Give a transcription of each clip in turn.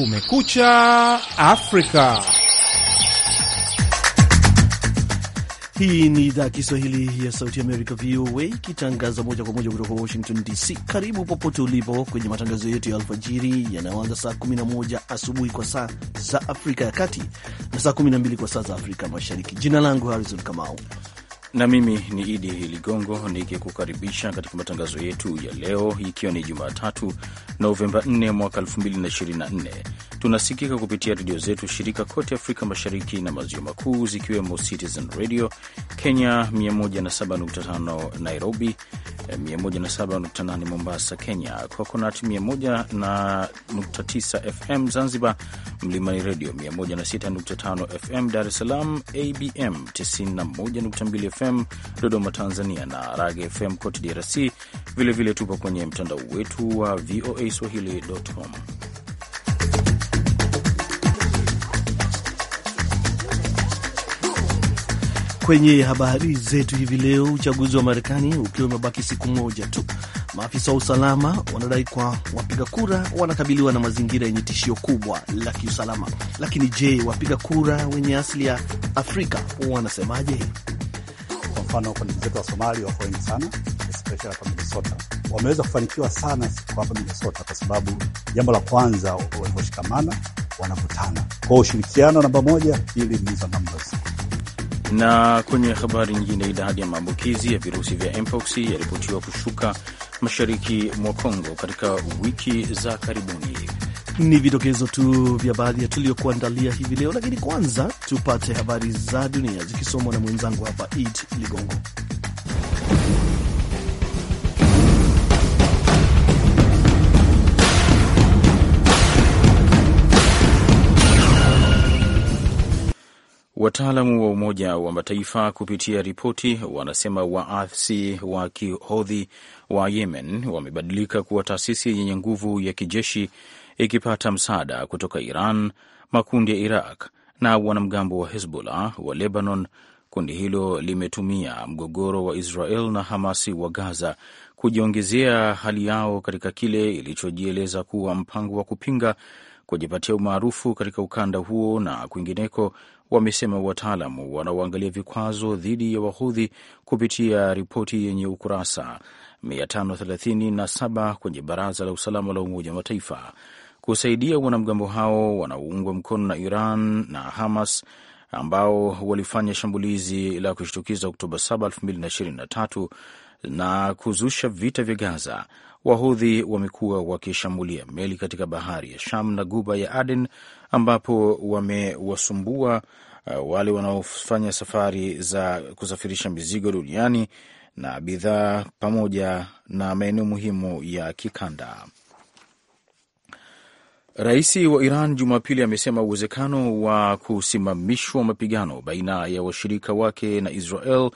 Kumekucha Afrika. Hii ni idhaa ya Kiswahili ya Sauti ya Amerika, VOA, ikitangaza moja kwa moja kutoka Washington DC. Karibu popote ulipo kwenye matangazo yetu ya alfajiri yanayoanza saa 11 asubuhi kwa saa za Afrika ya Kati na saa 12 kwa saa za Afrika Mashariki. Jina langu Harrison Kamau na mimi ni Idi Ligongo nikikukaribisha katika matangazo yetu ya leo, ikiwa ni Jumatatu Novemba 4 mwaka 2024. Tunasikika kupitia redio zetu shirika kote Afrika Mashariki na Maziwa Makuu, zikiwemo Citizen Radio Kenya 107.5 Nairobi, 107.8 eh, Mombasa Kenya, Coconut 101.9 FM Zanzibar, Mlimani Radio 106.5 FM Dar es Salaam, ABM 91.2 FM Dodoma, Tanzania, na Rage FM kote DRC. Vilevile tupo kwenye mtandao wetu wa VOA Swahili.com. Kwenye habari zetu hivi leo, uchaguzi wa Marekani ukiwa umebaki siku moja tu, maafisa wa usalama wanadai kwa wapiga kura wanakabiliwa na mazingira yenye tishio kubwa la kiusalama. Lakini je, wapiga kura wenye asili ya Afrika wanasemaje? mfano ndugu zetu wa Somali wako wengi sana, especially hapa Minnesota. Wameweza kufanikiwa sana kwa hapa Minnesota kwa sababu jambo la kwanza, walivyoshikamana wanavutana kwao, ushirikiano namba moja, ili miza numbers na kwenye habari nyingine, idadi ya maambukizi ya virusi vya mpox yaripotiwa kushuka mashariki mwa Kongo katika wiki za karibuni. Ni vidokezo tu vya baadhi ya tuliyokuandalia hivi leo, lakini kwanza tupate habari za dunia zikisomwa na mwenzangu hapa Id Ligongo. Wataalamu wa Umoja wa Mataifa kupitia ripoti wanasema waasi wa kihodhi wa Yemen wamebadilika kuwa taasisi yenye nguvu ya kijeshi ikipata msaada kutoka Iran, makundi ya Iraq na wanamgambo wa Hezbollah wa Lebanon. Kundi hilo limetumia mgogoro wa Israel na Hamasi wa Gaza kujiongezea hali yao katika kile ilichojieleza kuwa mpango wa kupinga kujipatia umaarufu katika ukanda huo na kwingineko, wamesema wataalamu wanaoangalia vikwazo dhidi ya wahudhi kupitia ripoti yenye ukurasa 537 kwenye Baraza la Usalama la Umoja wa Mataifa kusaidia wanamgambo hao wanaoungwa mkono na Iran na Hamas ambao walifanya shambulizi la kushtukiza Oktoba 7, 2023 na kuzusha vita vya Gaza. Wahudhi wamekuwa wakishambulia meli katika bahari ya Sham na guba ya Aden, ambapo wamewasumbua uh, wale wanaofanya safari za kusafirisha mizigo duniani na bidhaa pamoja na maeneo muhimu ya kikanda. Rais wa Iran Jumapili amesema uwezekano wa kusimamishwa mapigano baina ya washirika wake na Israel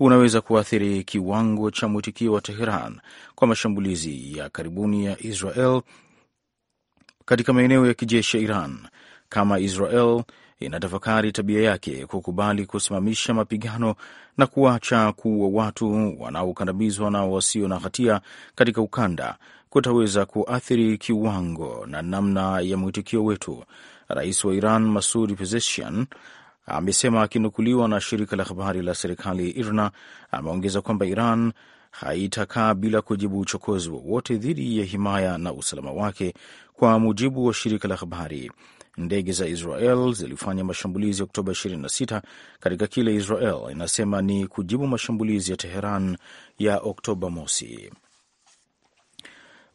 unaweza kuathiri kiwango cha mwitikio wa Teheran kwa mashambulizi ya karibuni ya Israel katika maeneo ya kijeshi ya Iran kama Israel inatafakari tabia yake kukubali kusimamisha mapigano na kuacha kuwa watu wanaokandamizwa na wasio na hatia katika ukanda kutaweza kuathiri kiwango na namna ya mwitikio wetu, rais wa Iran Masud Pezeshkian amesema akinukuliwa na shirika la habari la serikali IRNA. Ameongeza kwamba Iran haitakaa bila kujibu uchokozi wowote dhidi ya himaya na usalama wake, kwa mujibu wa shirika la habari ndege za Israel zilifanya mashambulizi Oktoba 26 katika kile Israel inasema ni kujibu mashambulizi ya Teheran ya Oktoba mosi.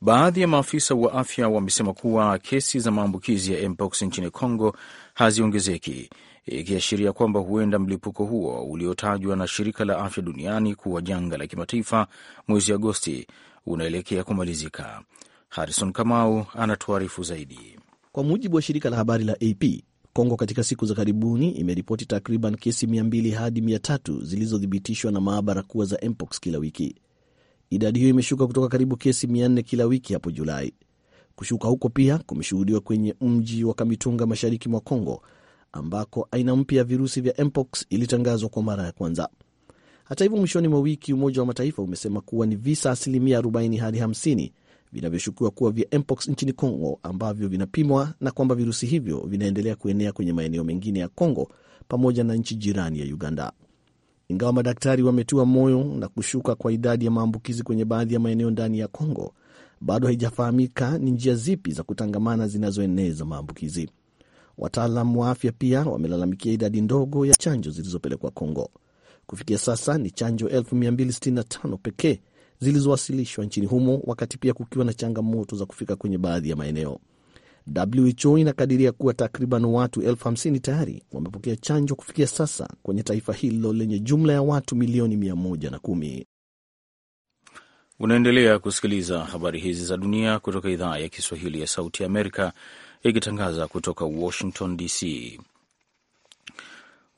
Baadhi ya maafisa wa afya wamesema kuwa kesi za maambukizi ya mpox nchini congo haziongezeki, ikiashiria kwamba huenda mlipuko huo uliotajwa na shirika la afya duniani kuwa janga la kimataifa mwezi Agosti unaelekea kumalizika. Harrison Kamau anatuarifu zaidi. Kwa mujibu wa shirika la habari la AP, Kongo katika siku za karibuni imeripoti takriban kesi 200 hadi 300 zilizothibitishwa na maabara kuwa za mpox kila wiki. Idadi hiyo imeshuka kutoka karibu kesi 400 kila wiki hapo Julai. Kushuka huko pia kumeshuhudiwa kwenye mji wa Kamitunga, mashariki mwa Kongo, ambako aina mpya ya virusi vya mpox ilitangazwa kwa mara ya kwanza. Hata hivyo, mwishoni mwa wiki Umoja wa Mataifa umesema kuwa ni visa asilimia 40 hadi 50 vinavyoshukiwa kuwa vya mpox nchini congo ambavyo vinapimwa na kwamba virusi hivyo vinaendelea kuenea kwenye maeneo mengine ya congo pamoja na nchi jirani ya Uganda. Ingawa madaktari wametua moyo na kushuka kwa idadi ya maambukizi kwenye baadhi ya maeneo ndani ya congo bado haijafahamika ni njia zipi za kutangamana zinazoeneza maambukizi. Wataalam wa afya pia wamelalamikia idadi ndogo ya chanjo zilizopelekwa congo Kufikia sasa ni chanjo 265 pekee zilizowasilishwa nchini humo, wakati pia kukiwa na changamoto za kufika kwenye baadhi ya maeneo. WHO inakadiria kuwa takriban watu elfu hamsini tayari wamepokea chanjo kufikia sasa kwenye taifa hilo lenye jumla ya watu milioni mia moja na kumi. Unaendelea kusikiliza habari hizi za dunia kutoka idhaa ya Kiswahili ya Sauti ya Amerika, ikitangaza kutoka Washington DC.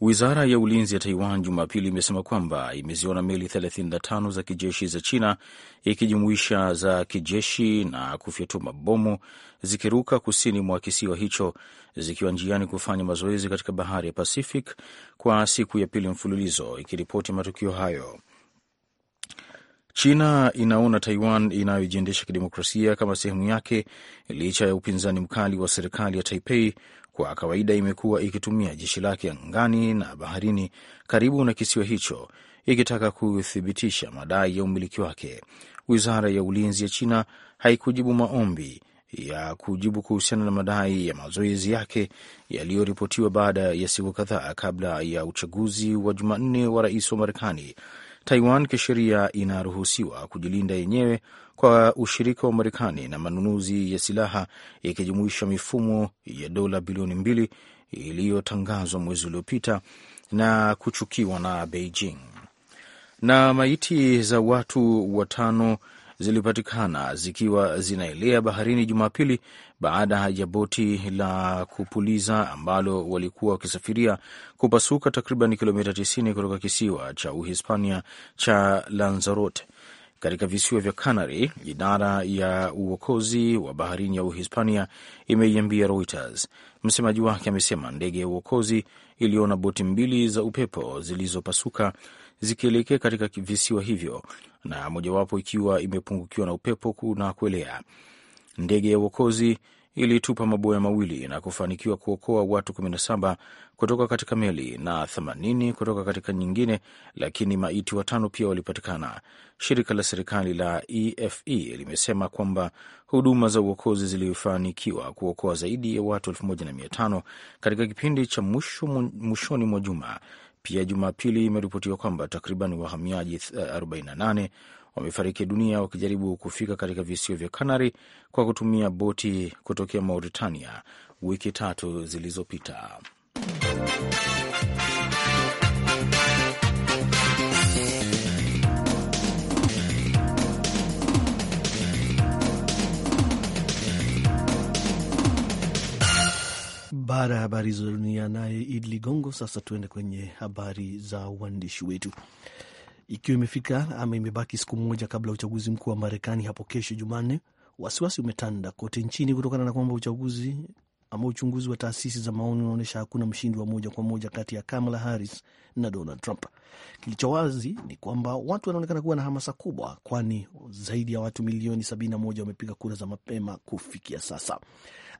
Wizara ya ulinzi ya Taiwan Jumapili imesema kwamba imeziona meli 35 za kijeshi za China ikijumuisha za kijeshi na kufyatua mabomu zikiruka kusini mwa kisiwa hicho zikiwa njiani kufanya mazoezi katika bahari ya Pacific kwa siku ya pili mfululizo, ikiripoti matukio hayo. China inaona Taiwan inayojiendesha kidemokrasia kama sehemu yake licha ya upinzani mkali wa serikali ya Taipei kwa kawaida imekuwa ikitumia jeshi lake angani na baharini karibu na kisiwa hicho ikitaka kuthibitisha madai ya umiliki wake. Wizara ya ulinzi ya China haikujibu maombi ya kujibu kuhusiana na madai ya mazoezi yake yaliyoripotiwa baada ya siku kadhaa kabla ya uchaguzi wa Jumanne wa rais wa Marekani Taiwan kisheria inaruhusiwa kujilinda yenyewe kwa ushirika wa Marekani na manunuzi ya silaha ikijumuisha mifumo ya dola bilioni mbili iliyotangazwa mwezi uliopita na kuchukiwa na Beijing. Na maiti za watu watano zilipatikana zikiwa zinaelea baharini Jumapili baada ya boti la kupuliza ambalo walikuwa wakisafiria kupasuka takriban kilomita 90 kutoka kisiwa cha Uhispania cha Lanzarote katika visiwa vya Canary. Idara ya uokozi wa baharini ya Uhispania imeiambia Reuters. Msemaji wake amesema ndege ya uokozi iliona boti mbili za upepo zilizopasuka zikielekea katika visiwa hivyo na mojawapo ikiwa imepungukiwa na upepo na kuelea. Ndege ya uokozi ilitupa maboya mawili na kufanikiwa kuokoa watu 17 kutoka katika meli na 80 kutoka katika nyingine, lakini maiti watano pia walipatikana. Shirika la serikali la EFE e limesema kwamba huduma za uokozi zilifanikiwa kuokoa zaidi ya watu 1500 katika kipindi cha mwishoni mwa juma. Pia Jumapili imeripotiwa kwamba takriban wahamiaji 48 wamefariki dunia wakijaribu kufika katika visiwa vya Kanari kwa kutumia boti kutokea Mauritania wiki tatu zilizopita. Baada ya habari za dunia, naye Idi Ligongo. Sasa tuende kwenye habari za uandishi wetu. Ikiwa imefika ama imebaki siku moja kabla ya uchaguzi mkuu wa Marekani hapo kesho Jumanne, wasiwasi umetanda kote nchini kutokana na kwamba uchaguzi ama uchunguzi wa taasisi za maoni unaonyesha hakuna mshindi wa moja kwa moja kati ya Kamala Harris na Donald Trump. Kilicho wazi ni kwamba watu wanaonekana kuwa na hamasa kubwa, kwani zaidi ya watu milioni 71 wamepiga kura za mapema kufikia sasa.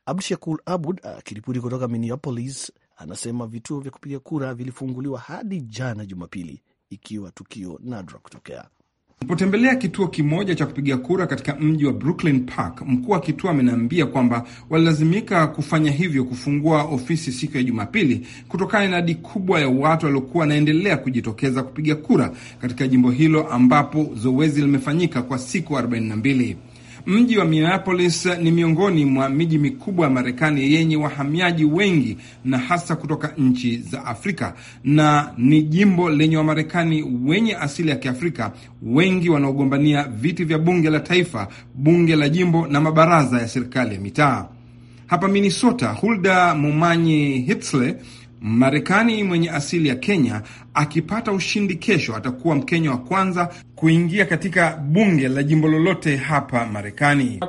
Abdushakur Abud ah, akiripoti kutoka Minneapolis anasema vituo vya kupiga kura vilifunguliwa hadi jana Jumapili ikiwa tukio nadra kutokea. Alipotembelea kituo kimoja cha kupiga kura katika mji wa Brooklyn Park, mkuu wa kituo ameniambia kwamba walilazimika kufanya hivyo, kufungua ofisi siku ya Jumapili kutokana na idadi kubwa ya watu waliokuwa wanaendelea kujitokeza kupiga kura katika jimbo hilo ambapo zoezi limefanyika kwa siku 42. Mji wa Minneapolis ni miongoni mwa miji mikubwa ya Marekani yenye wahamiaji wengi na hasa kutoka nchi za Afrika, na ni jimbo lenye Wamarekani wenye asili ya Kiafrika wengi wanaogombania viti vya bunge la taifa, bunge la jimbo na mabaraza ya serikali ya mitaa. Hapa Minnesota, Hulda Mumanyi Hitzle Marekani mwenye asili ya Kenya akipata ushindi kesho, atakuwa Mkenya wa kwanza kuingia katika bunge la jimbo lolote hapa Marekani.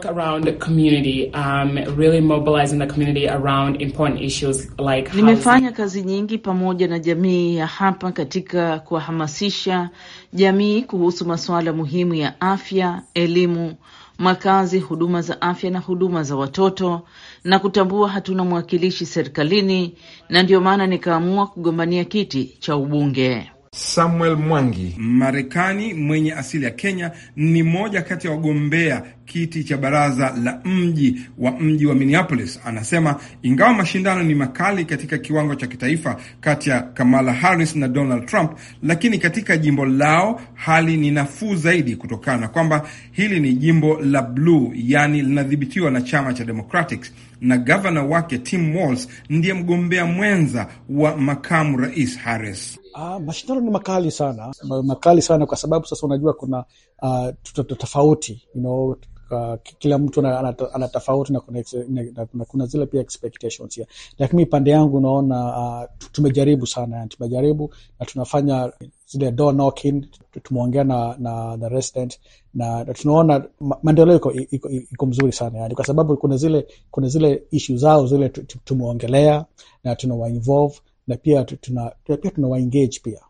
Um, nimefanya kazi nyingi pamoja na jamii ya hapa katika kuwahamasisha jamii kuhusu masuala muhimu ya afya, elimu, makazi, huduma za afya na huduma za watoto na kutambua hatuna mwakilishi serikalini, na ndiyo maana nikaamua kugombania kiti cha ubunge. Samuel Mwangi, Marekani mwenye asili ya Kenya, ni mmoja kati ya wagombea kiti cha baraza la mji wa mji wa Minneapolis. Anasema ingawa mashindano ni makali katika kiwango cha kitaifa kati ya Kamala Harris na Donald Trump, lakini katika jimbo lao hali ni nafuu zaidi kutokana na kwamba hili ni jimbo la bluu, yaani linadhibitiwa na chama cha Democratic na gavana wake Tim Walz ndiye mgombea mwenza wa makamu rais Harris. Ah, mashindano ni makali sana, makali sana kwa sababu sasa unajua kuna uh, tofauti you know, Uh, kila mtu ana tofauti na kuna, na, na kuna zile pia expectations Lakini pande yangu unaona, uh, ah, tumejaribu sana, tumejaribu na tunafanya zile door knocking, tumeongea na, na, na resident na tunaona maendeleo iko, iko, iko mzuri sana yani, kwa sababu kuna zile, kuna zile ishu zao zile tumeongelea na tunawa involve na pia tuna, pia tunawa engage pia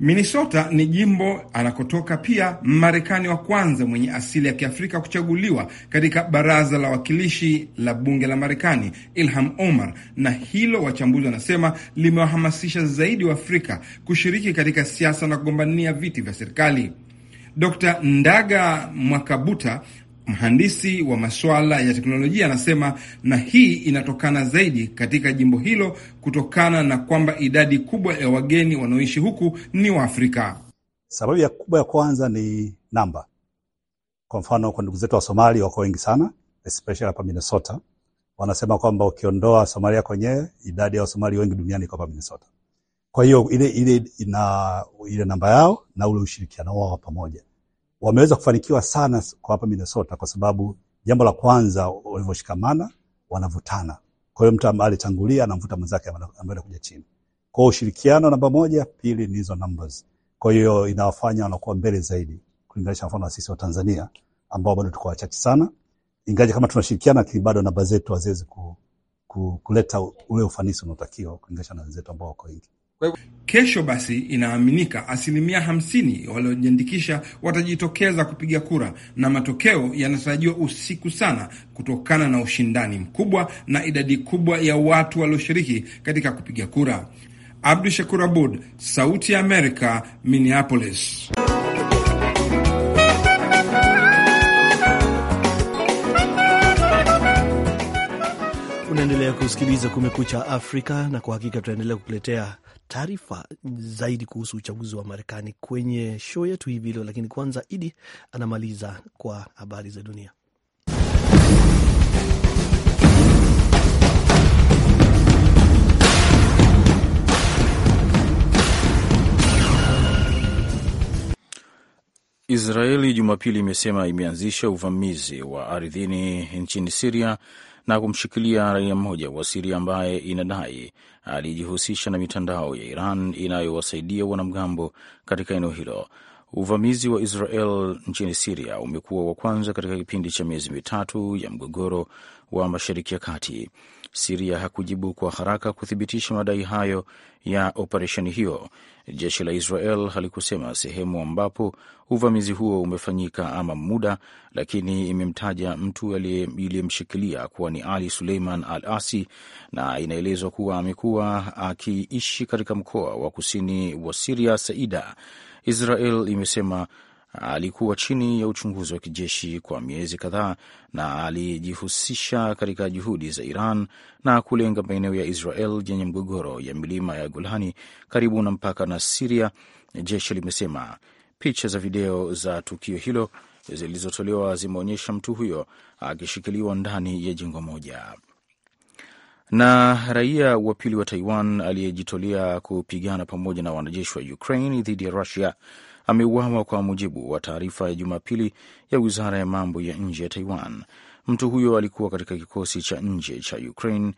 Minnesota ni jimbo anakotoka pia Marekani wa kwanza mwenye asili ya Kiafrika kuchaguliwa katika baraza la wakilishi la bunge la Marekani, Ilham Omar, na hilo wachambuzi wanasema limewahamasisha zaidi Waafrika kushiriki katika siasa na kugombania viti vya serikali. Dr Ndaga Mwakabuta mhandisi wa masuala ya teknolojia anasema, na hii inatokana zaidi katika jimbo hilo kutokana na kwamba idadi kubwa ya wageni wanaoishi huku ni Waafrika. Sababu ya kubwa ya kwanza ni namba. Kwa mfano, kwa ndugu zetu wa Somali wako wengi sana, especially hapa Minnesota. Wanasema kwamba ukiondoa Somalia kwenyewe, idadi ya Wasomali wengi duniani iko hapa Minnesota. Kwa hiyo ile ile ina ile namba yao na ule ushirikiano wao wa pamoja wameweza kufanikiwa sana kwa hapa Minnesota kwa sababu jambo la kwanza walivyoshikamana wanavutana. Kwa hiyo mtu alitangulia anamvuta mwenzake ambaye anakuja chini. Kwa hiyo ushirikiano namba moja, pili ni hizo numbers. Kwa hiyo inawafanya wanakuwa mbele zaidi kulinganisha mfano na sisi wa Tanzania ambao bado tuko wachache sana. Ingawa kama tunashirikiana lakini bado namba zetu haziwezi ku, ku, kuleta ule ufanisi unaotakiwa kulinganisha na wenzetu ambao wako wengi. Kesho basi, inaaminika asilimia hamsini waliojiandikisha watajitokeza kupiga kura, na matokeo yanatarajiwa usiku sana, kutokana na ushindani mkubwa na idadi kubwa ya watu walioshiriki katika kupiga kura. Abdu Shakur Abud, Sauti ya Amerika, Minneapolis. Unaendelea kusikiliza Kumekucha Afrika, na kwa hakika tunaendelea kukuletea taarifa zaidi kuhusu uchaguzi wa Marekani kwenye show yetu hivi leo, lakini kwanza Idi anamaliza kwa habari za dunia. Israeli Jumapili imesema imeanzisha uvamizi wa ardhini nchini Siria na kumshikilia raia mmoja wa Siria ambaye inadai alijihusisha na mitandao ya Iran inayowasaidia wanamgambo katika eneo hilo. Uvamizi wa Israel nchini Siria umekuwa wa kwanza katika kipindi cha miezi mitatu ya mgogoro wa Mashariki ya Kati. Siria hakujibu kwa haraka kuthibitisha madai hayo ya operesheni hiyo. Jeshi la Israel halikusema sehemu ambapo uvamizi huo umefanyika ama muda, lakini imemtaja mtu aliyemshikilia kuwa ni Ali Suleiman Al Asi, na inaelezwa kuwa amekuwa akiishi katika mkoa wa kusini wa Siria Saida. Israel imesema alikuwa chini ya uchunguzi wa kijeshi kwa miezi kadhaa na alijihusisha katika juhudi za Iran na kulenga maeneo ya Israel yenye mgogoro ya milima ya Golani karibu na mpaka na Siria, jeshi limesema. Picha za video za tukio hilo zilizotolewa zimeonyesha mtu huyo akishikiliwa ndani ya jengo moja. Na raia wa pili wa Taiwan aliyejitolea kupigana pamoja na wanajeshi wa Ukraine dhidi ya Russia ameuawa kwa mujibu wa taarifa ya Jumapili ya wizara ya mambo ya nje ya Taiwan. Mtu huyo alikuwa katika kikosi cha nje cha Ukraine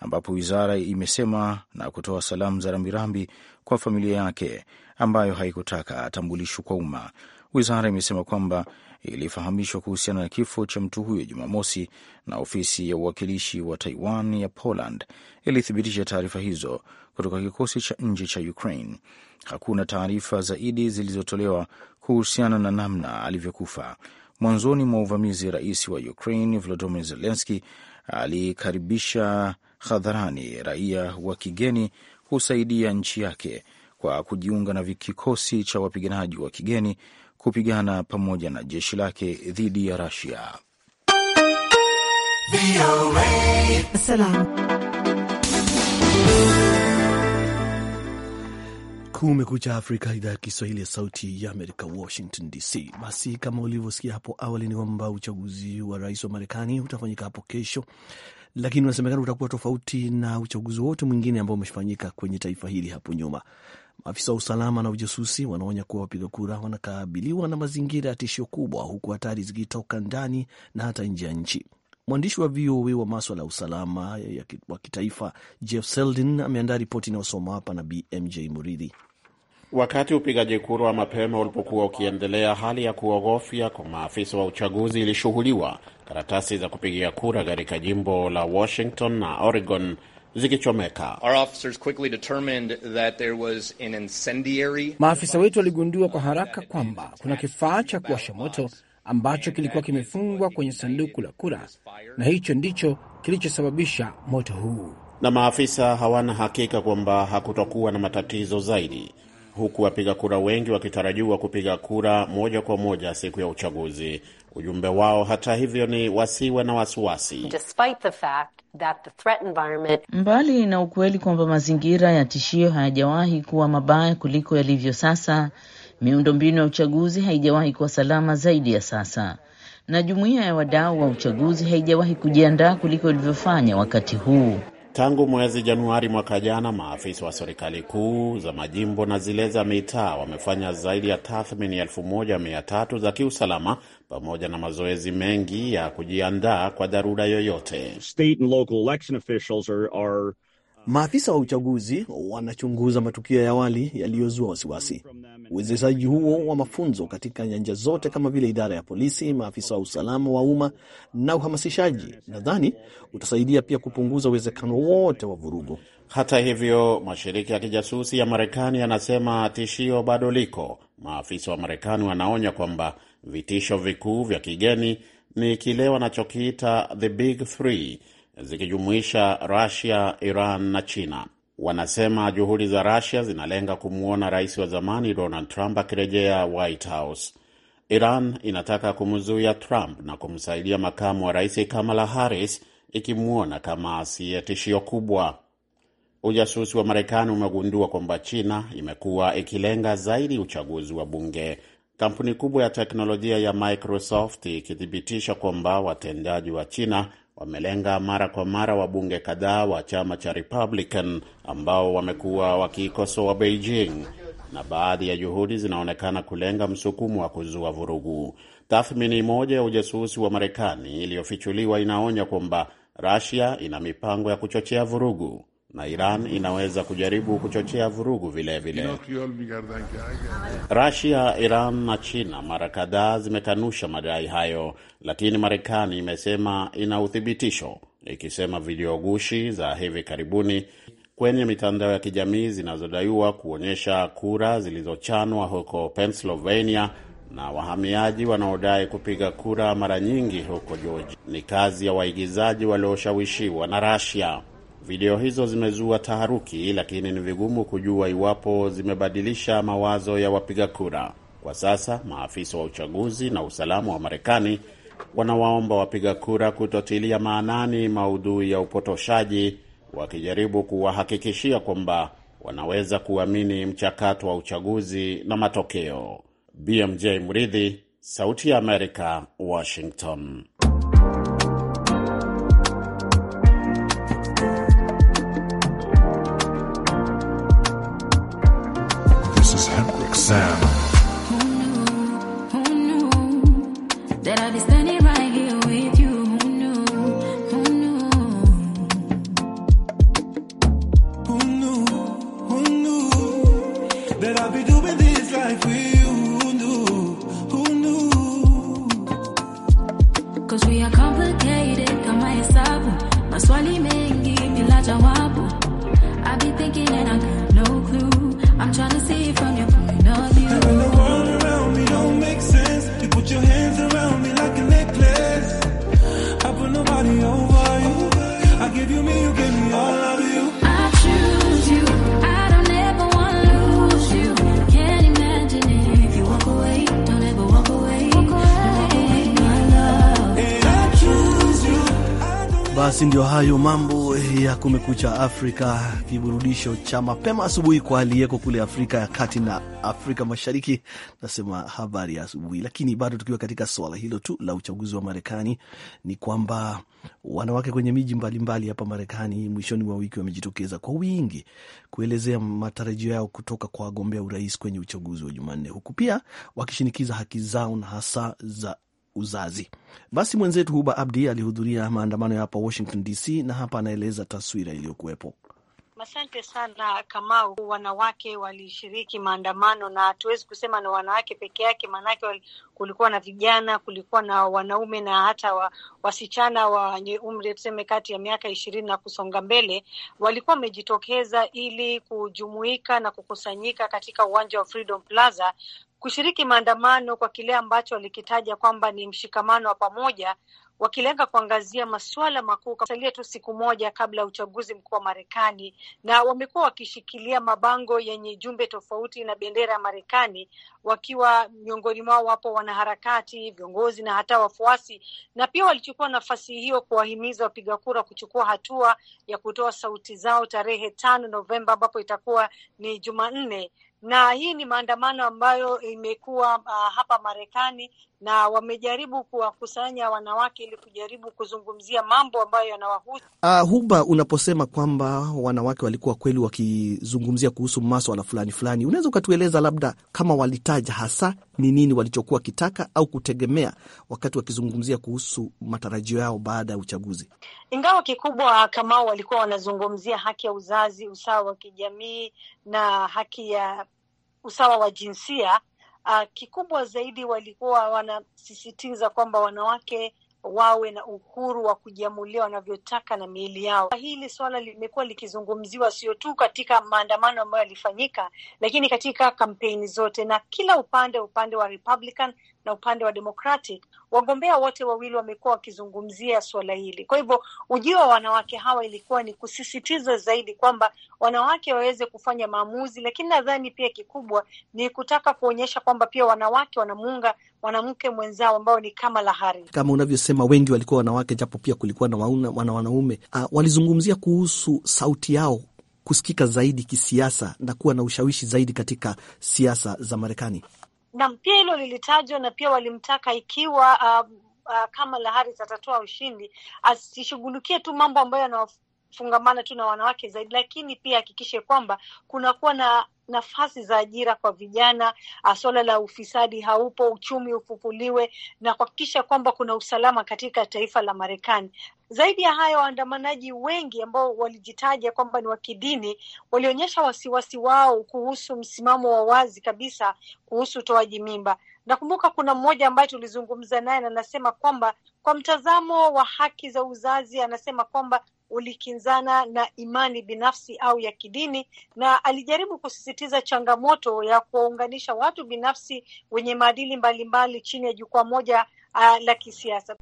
ambapo wizara imesema na kutoa salamu za rambirambi kwa familia yake ambayo haikutaka atambulishwe kwa umma. Wizara imesema kwamba ilifahamishwa kuhusiana na kifo cha mtu huyo Jumamosi, na ofisi ya uwakilishi wa Taiwan ya Poland ilithibitisha taarifa hizo kutoka kikosi cha nje cha Ukraine. Hakuna taarifa zaidi zilizotolewa kuhusiana na namna alivyokufa. Mwanzoni mwa uvamizi, rais wa Ukraine Volodymyr Zelensky alikaribisha hadharani raia wa kigeni kusaidia nchi yake kwa kujiunga na kikosi cha wapiganaji wa kigeni kupigana pamoja na jeshi lake dhidi ya Russia. Salam. Kumekucha Afrika, idhaa ya Kiswahili ya Sauti ya Amerika, Washington DC. Basi kama ulivyosikia hapo awali, ni kwamba uchaguzi wa rais wa Marekani utafanyika hapo kesho, lakini unasemekana utakuwa tofauti na uchaguzi wote mwingine ambao umefanyika kwenye taifa hili hapo nyuma. Maafisa wa usalama na ujasusi wanaonya kuwa wapiga kura wanakabiliwa na mazingira ya tishio kubwa, huku hatari zikitoka ndani na hata nje ya nchi. Mwandishi wa VOA wa maswala ya usalama wa kitaifa Jeff Seldin ameandaa ripoti inayosoma hapa na BMJ Muridhi. Wakati upigaji kura wa mapema ulipokuwa ukiendelea, hali ya kuogofya kwa maafisa wa uchaguzi ilishughuliwa karatasi za kupigia kura katika jimbo la Washington na Oregon zikichomeka. Maafisa wetu waligundua kwa haraka kwamba kuna kifaa cha kuwasha moto ambacho kilikuwa kimefungwa kwenye sanduku la kura, na hicho ndicho kilichosababisha moto huu. Na maafisa hawana hakika kwamba hakutokuwa na matatizo zaidi, huku wapiga kura wengi wakitarajiwa kupiga kura moja kwa moja siku ya uchaguzi. Ujumbe wao hata hivyo ni wasiwe na wasiwasi, mbali na ukweli kwamba mazingira ya tishio hayajawahi kuwa mabaya kuliko yalivyo sasa. Miundombinu ya uchaguzi haijawahi kuwa salama zaidi ya sasa, na jumuiya ya wadau wa uchaguzi haijawahi kujiandaa kuliko ilivyofanya wakati huu. Tangu mwezi Januari mwaka jana, maafisa wa serikali kuu za majimbo na zile za mitaa wamefanya zaidi ya tathmini elfu moja mia tatu za kiusalama pamoja na mazoezi mengi ya kujiandaa kwa dharura yoyote. State and local election officials are, are Maafisa wa uchaguzi wanachunguza matukio ya awali yaliyozua wasiwasi. Uwezeshaji huo wa mafunzo katika nyanja zote kama vile idara ya polisi, maafisa wa usalama wa umma na uhamasishaji, nadhani utasaidia pia kupunguza uwezekano wote wa vurugu. Hata hivyo, mashirika ya kijasusi ya Marekani yanasema tishio bado liko. Maafisa wa Marekani wanaonya kwamba vitisho vikuu vya kigeni ni kile wanachokiita the big three zikijumuisha rusia Iran na China. Wanasema juhudi za rasia zinalenga kumwona rais wa zamani Donald Trump akirejea White House. Iran inataka kumzuia Trump na kumsaidia makamu wa rais Kamala Harris, ikimwona kama asiye tishio kubwa. Ujasusi wa Marekani umegundua kwamba China imekuwa ikilenga zaidi uchaguzi wa bunge, kampuni kubwa ya teknolojia ya Microsoft ikithibitisha kwamba watendaji wa China wamelenga mara kwa mara wabunge kadhaa wa chama cha Republican ambao wamekuwa wakiikosoa Beijing, na baadhi ya juhudi zinaonekana kulenga msukumo wa kuzua vurugu. Tathmini moja ya ujasusi wa Marekani iliyofichuliwa inaonya kwamba Russia ina mipango ya kuchochea vurugu na Iran inaweza kujaribu kuchochea vurugu vilevile. Rasia, Iran na China mara kadhaa zimekanusha madai hayo, lakini Marekani imesema ina uthibitisho, ikisema gushi za hivi karibuni kwenye mitandao ya kijamii zinazodaiwa kuonyesha kura zilizochanwa huko Pennsylvania na wahamiaji wanaodai kupiga kura mara nyingi huko Georgia ni kazi ya waigizaji walioshawishiwa na Rasia. Video hizo zimezua taharuki, lakini ni vigumu kujua iwapo zimebadilisha mawazo ya wapiga kura. Kwa sasa maafisa wa uchaguzi na usalama wa Marekani wanawaomba wapiga kura kutotilia maanani maudhui ya upotoshaji, wakijaribu kuwahakikishia kwamba wanaweza kuamini mchakato wa uchaguzi na matokeo. BMJ Mridhi, Sauti ya Amerika, Washington. I'll be doing this life with you. Who knew? Oh, Who knew? Cause we are complicated kama maswali mengi I be thinking and I got no clue. I'm see it from your point of view. when the world around me don't make sense, you put your hands around me like a necklace. I put nobody over you. I give you me, you give me all. Basi ndio hayo mambo eh, ya Kumekucha Afrika, kiburudisho cha mapema asubuhi kwa aliyeko kule Afrika ya Kati na Afrika Mashariki. Nasema habari ya asubuhi. Lakini bado tukiwa katika swala hilo tu la uchaguzi wa Marekani, ni kwamba wanawake kwenye miji mbalimbali hapa Marekani mwishoni mwa wiki wamejitokeza kwa wingi kuelezea matarajio yao kutoka kwa wagombea urais kwenye uchaguzi wa Jumanne, huku pia wakishinikiza haki zao na hasa za uzazi. Basi mwenzetu Huba Abdi alihudhuria maandamano ya hapa Washington DC na hapa anaeleza taswira iliyokuwepo. Asante sana Kamau. Wanawake walishiriki maandamano, na hatuwezi kusema na wanawake peke yake, maanake kulikuwa na vijana, kulikuwa na wanaume na hata wa, wasichana wenye wa umri tuseme kati ya miaka ishirini na kusonga mbele, walikuwa wamejitokeza ili kujumuika na kukusanyika katika uwanja wa Freedom Plaza kushiriki maandamano kwa kile ambacho walikitaja kwamba ni mshikamano wa pamoja, wakilenga kuangazia masuala makuu salia tu siku moja kabla ya uchaguzi mkuu wa Marekani, na wamekuwa wakishikilia mabango yenye jumbe tofauti na bendera ya Marekani, wakiwa miongoni mwao wapo wanaharakati, viongozi na hata wafuasi. Na pia walichukua nafasi hiyo kuwahimiza wapiga kura kuchukua hatua ya kutoa sauti zao tarehe tano Novemba, ambapo itakuwa ni Jumanne, na hii ni maandamano ambayo imekuwa uh, hapa Marekani na wamejaribu kuwakusanya wanawake ili kujaribu kuzungumzia mambo ambayo yanawahusu. Uh, ah, Huba, unaposema kwamba wanawake walikuwa kweli wakizungumzia kuhusu maswala fulani fulani, unaweza ukatueleza labda kama walitaja hasa ni nini walichokuwa kitaka au kutegemea wakati wakizungumzia kuhusu matarajio yao baada ya uchaguzi? Ingawa kikubwa kamao walikuwa wanazungumzia haki ya uzazi, usawa wa kijamii na haki ya usawa wa jinsia uh, kikubwa zaidi walikuwa wanasisitiza kwamba wanawake wawe na uhuru wa kujiamulia wanavyotaka na miili yao. Hili swala limekuwa likizungumziwa sio tu katika maandamano ambayo yalifanyika, lakini katika kampeni zote na kila upande, upande wa Republican na upande wa Democratic, wagombea wote wawili wamekuwa wakizungumzia suala hili. Kwa hivyo ujio wa wanawake hawa ilikuwa ni kusisitizwa zaidi kwamba wanawake waweze kufanya maamuzi, lakini nadhani pia kikubwa ni kutaka kuonyesha kwamba pia wanawake wanamuunga mwanamke mwenzao ambao ni Kamala Harris. Kama unavyosema, wengi walikuwa wanawake, japo pia kulikuwa na wana wanaume uh, walizungumzia kuhusu sauti yao kusikika zaidi kisiasa na kuwa na ushawishi zaidi katika siasa za Marekani na pia hilo lilitajwa na pia walimtaka ikiwa uh, uh, Kamala Harris atatoa ushindi asishughulikie tu mambo ambayo fungamana tu na wanawake zaidi, lakini pia hakikishe kwamba kunakuwa na nafasi za ajira kwa vijana, swala la ufisadi haupo, uchumi ufufuliwe na kuhakikisha kwamba kuna usalama katika taifa la Marekani. Zaidi ya hayo, waandamanaji wengi ambao walijitaja kwamba ni wa kidini walionyesha wasiwasi wao kuhusu msimamo wa wazi kabisa kuhusu utoaji mimba. Nakumbuka kuna mmoja ambaye tulizungumza naye na anasema kwamba kwa mtazamo wa haki za uzazi, anasema kwamba ulikinzana na imani binafsi au ya kidini, na alijaribu kusisitiza changamoto ya kuwaunganisha watu binafsi wenye maadili mbalimbali chini ya jukwaa moja uh, la kisiasa.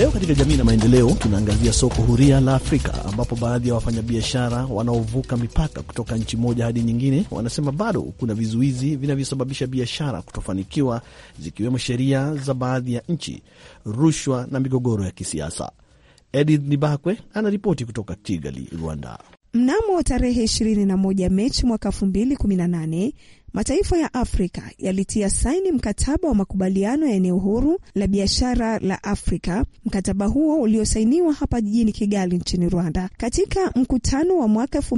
Leo katika jamii na maendeleo tunaangazia soko huria la Afrika ambapo baadhi ya wafanyabiashara wanaovuka mipaka kutoka nchi moja hadi nyingine wanasema bado kuna vizuizi vinavyosababisha biashara kutofanikiwa zikiwemo sheria za baadhi ya nchi, rushwa na migogoro ya kisiasa. Edith Nibakwe anaripoti kutoka Kigali, Rwanda. Mnamo tarehe 21 Mechi mwaka 2018 Mataifa ya Afrika yalitia saini mkataba wa makubaliano ya eneo huru la biashara la Afrika. Mkataba huo uliosainiwa hapa jijini Kigali nchini Rwanda katika mkutano wa mwaka elfu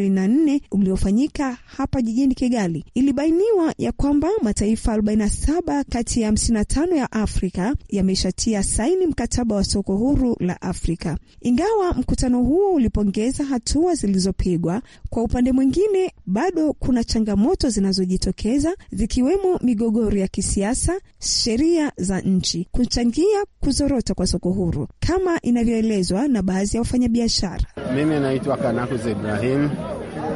nne uliofanyika hapa jijini Kigali, ilibainiwa ya kwamba mataifa 47 kati ya 55 ya Afrika yameshatia saini mkataba wa soko huru la Afrika. Ingawa mkutano huo ulipongeza hatua zilizopigwa, kwa upande mwingine bado kuna changamoto zina zinazojitokeza zikiwemo migogoro ya kisiasa, sheria za nchi kuchangia kuzorota kwa soko huru kama inavyoelezwa na baadhi ya wafanyabiashara. Mimi naitwa Kanaku Ibrahim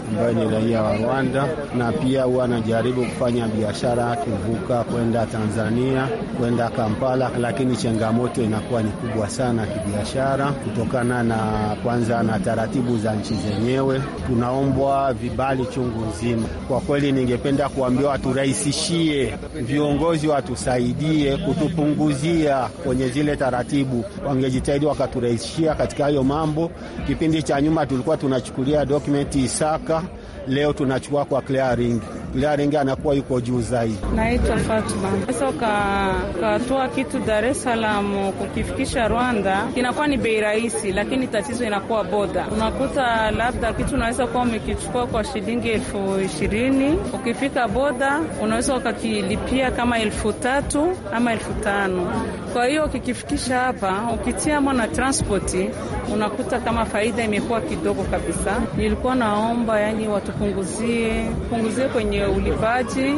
ambaye ni raia wa Rwanda, na pia huwa anajaribu kufanya biashara kuvuka kwenda Tanzania, kwenda Kampala, lakini changamoto inakuwa ni kubwa sana kibiashara, kutokana na kwanza na taratibu za nchi zenyewe. Tunaombwa vibali chungu nzima. Kwa kweli, ningependa kuambia waturahisishie, viongozi watusaidie kutupunguzia kwenye zile taratibu, wangejitahidi wakaturahisishia katika hayo mambo. Kipindi cha nyuma tulikuwa tunachukulia dokumenti Isaka Leo tunachukua kwa clearing yule anakuwa yuko juu zaidi. Naitwa Fatma. Sasa ukatoa kitu Dar es Salaam kukifikisha Rwanda inakuwa ni bei rahisi, lakini tatizo inakuwa boda. Unakuta labda kitu unaweza kuwa umekichukua kwa shilingi elfu ishirini, ukifika boda unaweza ukakilipia kama elfu tatu ama elfu tano. Kwa hiyo ukikifikisha hapa ukitia mwana transpoti unakuta kama faida imekuwa kidogo kabisa. Nilikuwa naomba yani watupunguzie punguzie kwenye kwenye ulipaji,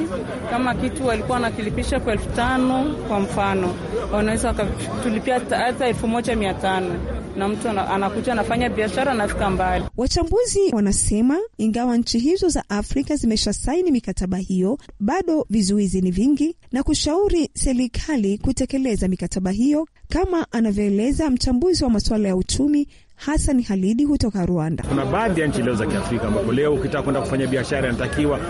kama kitu walikuwa wanakilipisha kwa elfu tano kwa mfano, wanaweza wakatulipia hata elfu moja mia tano na mtu anakuja anafanya biashara anafika mbali. Wachambuzi wanasema ingawa nchi hizo za Afrika zimesha saini mikataba hiyo, bado vizuizi ni vingi, na kushauri serikali kutekeleza mikataba hiyo, kama anavyoeleza mchambuzi wa masuala ya uchumi Hassan Halidi kutoka Rwanda. Kuna baadhi ya nchi leo za Kiafrika ambapo leo ukitaka kwenda kufanya biashara inatakiwa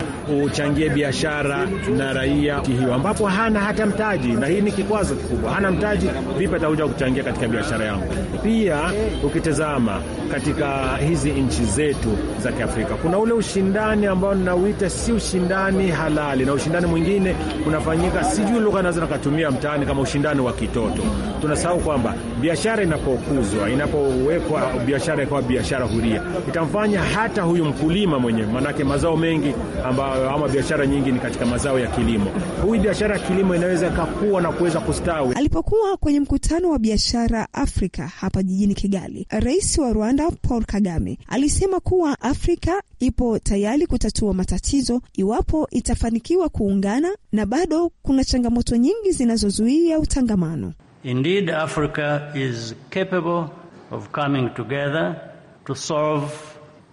uchangie biashara na raia hiyo, ambapo hana hata mtaji, na hii ni kikwazo kikubwa. Hana mtaji, vipi atakuja kuchangia katika biashara yangu? Pia ukitazama katika hizi nchi zetu za Kiafrika kuna ule ushindani ambao ninauita si ushindani halali, na ushindani mwingine unafanyika, sijui lugha naweza nakatumia mtaani kama ushindani wa kitoto. Tunasahau kwamba biashara inapokuzwa, inapowekwa biashara ikawa biashara huria, itamfanya hata huyu mkulima mwenyewe, maanake mazao mengi ambayo, ama biashara nyingi ni katika mazao ya kilimo. Huyu biashara ya kilimo inaweza ikakuwa na kuweza kustawi. Alipokuwa kwenye mkutano wa biashara Afrika hapa jijini Kigali, rais wa Rwanda Paul Kagame alisema kuwa Afrika ipo tayari kutatua matatizo iwapo itafanikiwa kuungana, na bado kuna changamoto nyingi zinazozuia utangamano. Indeed, Africa is capable of coming together to solve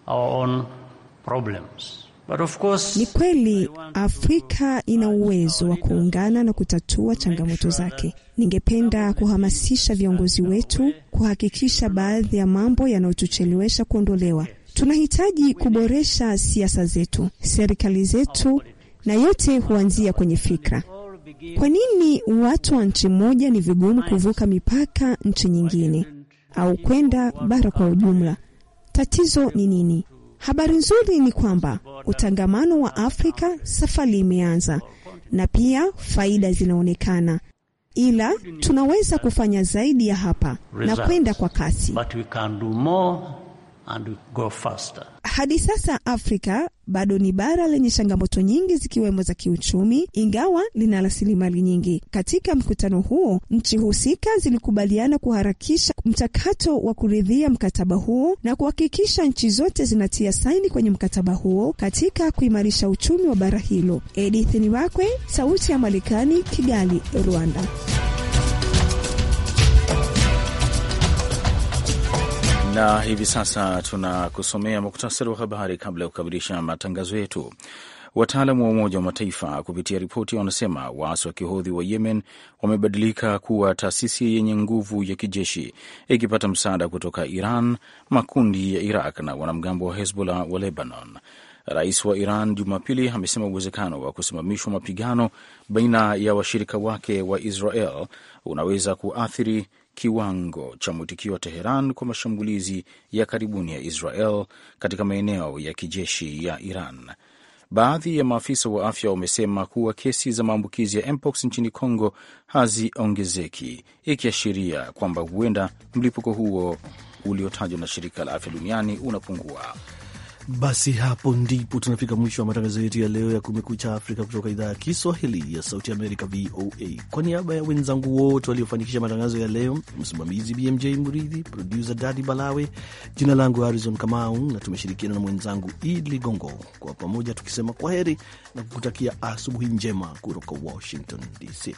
our own problems. But of course, ni kweli Afrika ina uwezo wa kuungana na kutatua changamoto zake. Ningependa kuhamasisha viongozi wetu kuhakikisha baadhi ya mambo yanayotuchelewesha kuondolewa. Tunahitaji kuboresha siasa zetu, serikali zetu, na yote huanzia kwenye fikra. Kwa nini watu wa nchi moja ni vigumu kuvuka mipaka nchi nyingine? au kwenda bara kwa ujumla. Tatizo ni nini? Habari nzuri ni kwamba utangamano wa Afrika safari imeanza na pia faida zinaonekana, ila tunaweza kufanya zaidi ya hapa na kwenda kwa kasi. But we can do more and faster. Hadi sasa Afrika bado ni bara lenye changamoto nyingi zikiwemo za kiuchumi, ingawa lina rasilimali nyingi. Katika mkutano huo, nchi husika zilikubaliana kuharakisha mchakato wa kuridhia mkataba huo na kuhakikisha nchi zote zinatia saini kwenye mkataba huo katika kuimarisha uchumi wa bara hilo. Edith Niwakwe, Sauti ya Marekani, Kigali, Rwanda. na hivi sasa tunakusomea muktasari wa habari kabla ya kukamilisha matangazo yetu. Wataalamu wa Umoja wa Mataifa kupitia ripoti wanasema waasi wa kihodhi wa Yemen wamebadilika kuwa taasisi yenye nguvu ya kijeshi ikipata msaada kutoka Iran, makundi ya Iraq na wanamgambo wa Hezbollah wa Lebanon. Rais wa Iran Jumapili amesema uwezekano wa kusimamishwa mapigano baina ya washirika wake wa Israel unaweza kuathiri kiwango cha mwitikio wa Teheran kwa mashambulizi ya karibuni ya Israel katika maeneo ya kijeshi ya Iran. Baadhi ya maafisa wa afya wamesema kuwa kesi za maambukizi ya mpox nchini congo haziongezeki, ikiashiria kwamba huenda mlipuko huo uliotajwa na shirika la afya duniani unapungua. Basi hapo ndipo tunafika mwisho wa matangazo yetu ya leo ya Kumekucha Afrika kutoka idhaa ya Kiswahili ya Sauti Amerika, VOA. Kwa niaba ya wenzangu wote waliofanikisha matangazo ya leo, msimamizi BMJ mridhi produsa Dadi Balawe, jina langu Harizon Kamau na tumeshirikiana na mwenzangu Id Ligongo, kwa pamoja tukisema kwa heri na kukutakia asubuhi njema kutoka Washington DC.